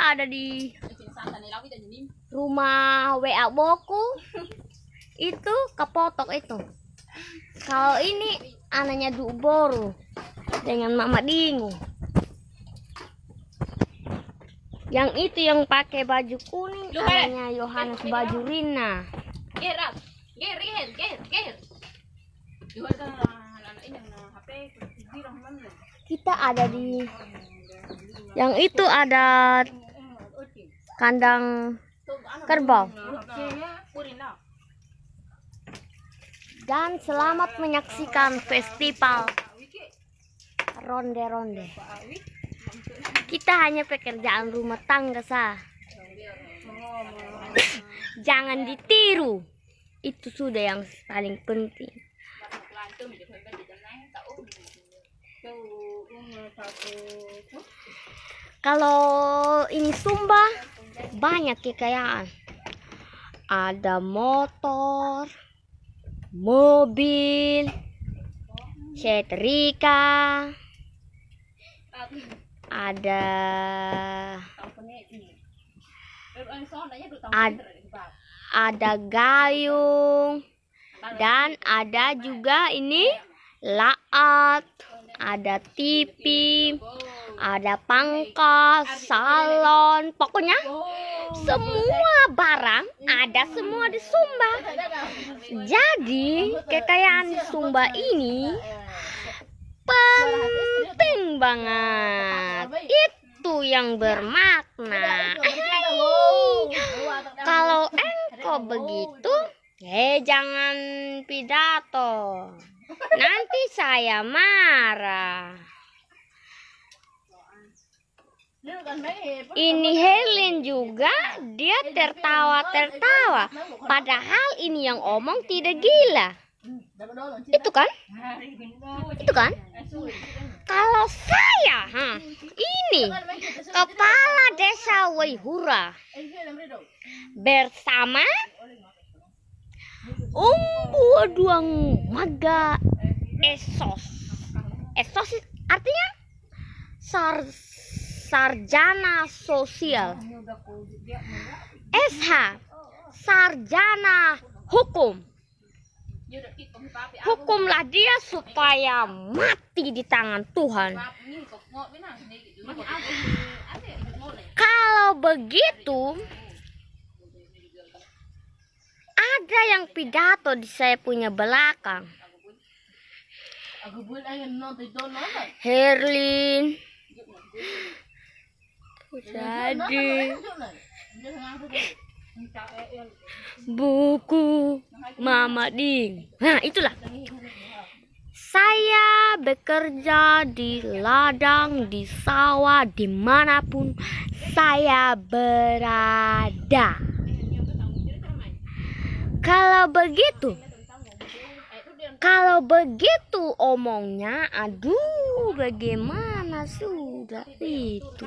ada di rumah WA Boku itu kepotok itu kalau ini anaknya dubor dengan Mama Dingu yang itu yang pakai baju kuning hanya anaknya Yohanes baju Rina ya. kita ada di yang itu ada kandang kerbau. Dan selamat menyaksikan festival ronde-ronde. Kita hanya pekerjaan rumah tangga sah. Jangan ditiru. Itu sudah yang paling penting. Kalau ini Sumba, banyak kekayaan ya, ada motor mobil setrika ada ad, ada gayung dan ada juga ini laat ada TV ada pangkas salon pokoknya semua barang ada semua di Sumba. Jadi, kekayaan di Sumba ini penting banget. Itu yang bermakna. Kalau engkau begitu, eh jangan pidato. Nanti saya marah. Ini Helen juga, dia tertawa-tertawa. Padahal ini yang omong tidak gila. Itu kan? Itu kan? Kalau saya, ha, ini kepala desa Waihura bersama Umbu Duang Maga Esos. Esos artinya SARS sarjana sosial. SH nah, sarjana hukum. Hukumlah dia supaya mati di tangan Tuhan. Gitu. Ya? Kalau begitu, ada yang pidato di saya punya belakang. Herlin jadi buku Mama Ding. Nah, itulah. Saya bekerja di ladang, di sawah, dimanapun saya berada. Kalau begitu, kalau begitu omongnya, aduh, bagaimana sudah itu?